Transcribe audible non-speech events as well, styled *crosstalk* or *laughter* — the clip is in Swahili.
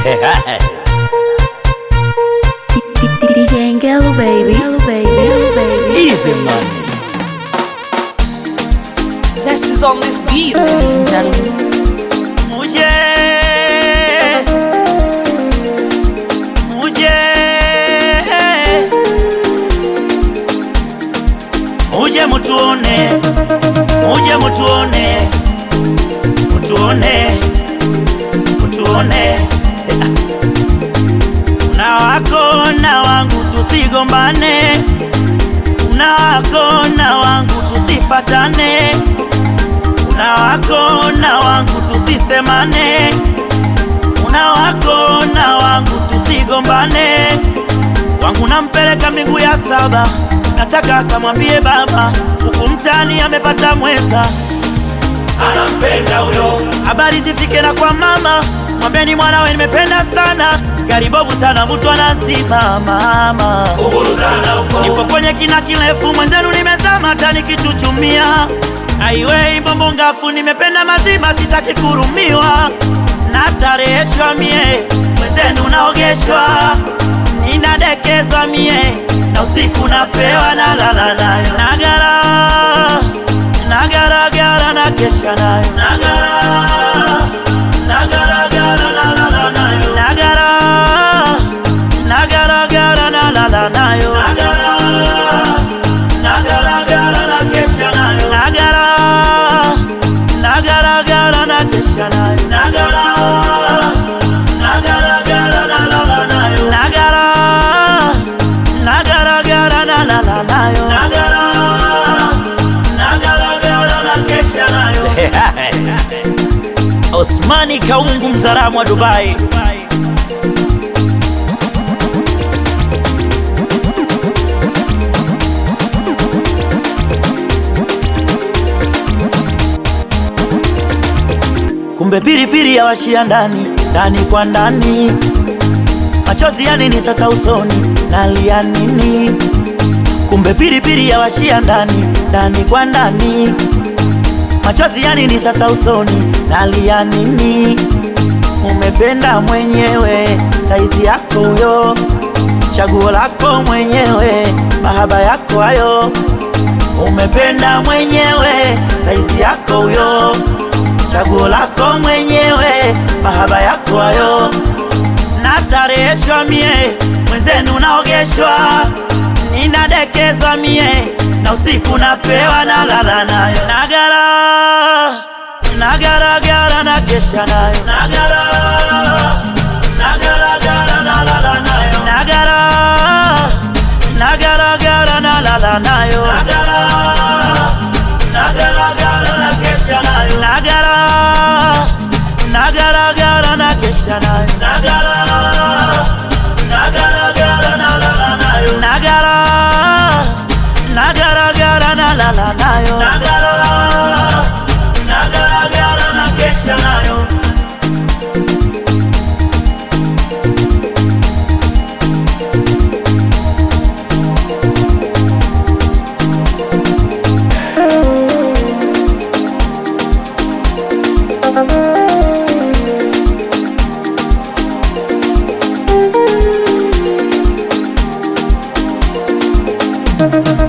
DJ Angelo, Muje mutuone, muje mutuone, mutuone, mutuone. na wangu tusigombane, una na wangu tusifatane, una na wangu tusisemane, una wako na wangu tusigombane. Wangu nampeleka miguu ya saba, nataka akamwambie baba, huku mtani amepata mwenza anampenda huyo, habari zifike na kwa mama, mwambeni mwanawe nimependa sana garibovu sana mtu anasimama mama, nipo kwenye kina kirefu mwenzenu nimezama tani kichuchumia aiwei bombo ngafu nimependa mazima sitaki kurumiwa na stareheshwa mie mwenzenu naogeshwa ninadekezwa mie na usiku napewa na lala nayo nagara gara na kesha nayo *laughs* Osmani Kaungu mzaramu wa Dubai. Kumbe pilipili ya washia ndani ndani kwa ndani, machozi ya nini sasa usoni, nalia nini? Kumbe pilipili ya washia ndani ndani kwa ndani machozi yani ni sasa usoni, nalia nini? Umependa mwenyewe, saizi yako huyo, chaguo lako mwenyewe, mahaba yako hayo. Umependa mwenyewe, saizi yako huyo, chaguo lako mwenyewe, mahaba yako hayo. Natareheshwa mie, mwenzenu naogeshwa, ninadekezwa mie, na usiku napewa, nalala nayo mchana kesha nayo nagara nagara gara nalala nayo nagara nagara gara na la nalala nayo nagara nagara gara na kesha nayo nagara nagara gara na kesha nayo Gracias.